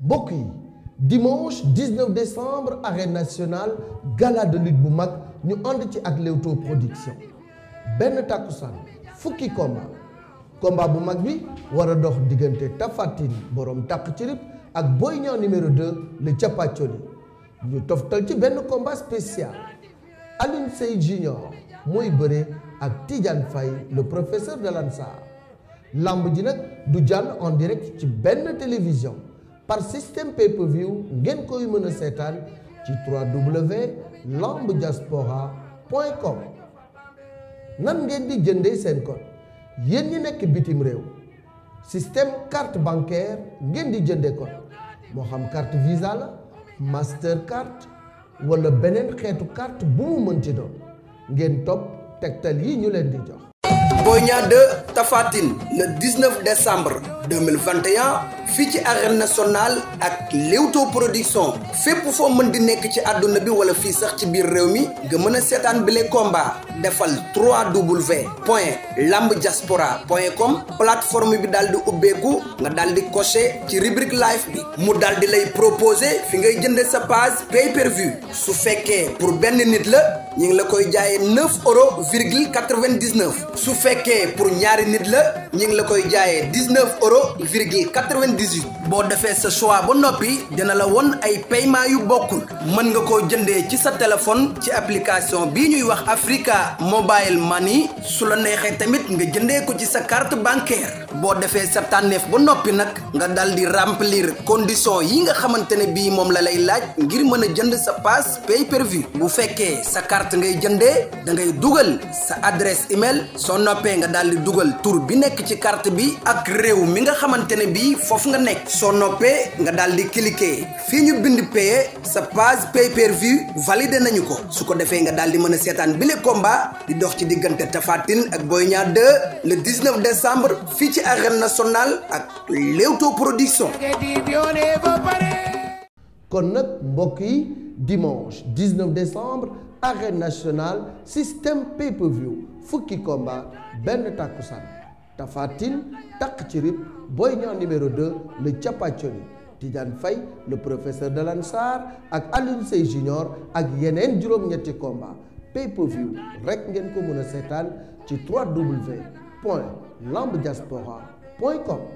bokk yi dimanche 19 décembre arène national gala de lutte bu mag ñu ànd ci ak Leewtoo production benn takkusaan fukki combat combat bu mag bi war dox diggante Tapha Tine borom takk ci ak Boy Niang numéro 2 le capacholi ñu toftal ci benn combat spécial Alioune Seye Junior mooy bëre ak Tidiane fay le professeur de l'Ansar lamb ji nag du jàll en direct ci benn télévision par système pay-per-view ngeen koy mën a seetaan ci 3w lambdiaspora point com nan ngeen di jëndee seen code yéen ñi nekk bitim réew système carte bancaire ngeen di jëndee code moo xam carte visa la mastercard wala beneen xeetu carte bu mu mënti doon ngeen topp tegtal yi ñu leen di jox. Boy Niang 2 Tapha Tine le 19 décembre 2021. fii ci arène nationale ak Leewtoo production fépp foo mën di nekk ci àdduna bi wala fii sax ci biir réew mi nga mën a seetaan bile combat defal 3w point lamb diaspora point com plateforme bi daal di ubbeeku nga daal di coché ci rubrique live bi mu daal di lay proposé fi ngay jënde sa page pay per su fekkee pour benn nit la ñu ngi la koy jaayee 9 euros virgule 99 su fekkee pour ñaari nit la ñu ngi la koy jaayee 19 euros virgule 98 boo defee sa choix ba noppi dina la won ay paiement yu bokkul mën nga koo jëndee ci sa téléphone ci application bii ñuy wax Africa mobile money su la neexee tamit nga jëndee ko ci sa carte bancaire boo defee sa tànneef ba noppi nag nga dal di remplir condition yi nga xamante ne bii moom la lay laaj ngir mën a jënd sa pass pay per bu fekkee sa carte ngay jëndee da ngay dugal sa adresse email soo noppee nga daal di dugal tur bi nekk ci carte bi ak réew mi nga xamante ne bii foofu nga nekk soo noppee nga daal di cliquer fii ñu bind paye sa pass pay per view validé nañu ko su ko defee nga daal di mën a seetaan bile combat di dox ci diggante Tapha Tine ak Boy Niang 2 le 19 décembre fii ci arène nationale ak Leewtoo production kon nag mbokk yi dimanche 19 décembre arène nationale système pay per fukki combat benn takkusaan Tapha Tine takk ci rip Boy Niang numéro 2 le capachoni Tidiane Faye le professeur de Lansar ak Alioune Seye Junior ak yeneen juróom-ñetti combat pay-per-view rek ngeen ko mën a seetaan ci 3W point lambdiaspora point com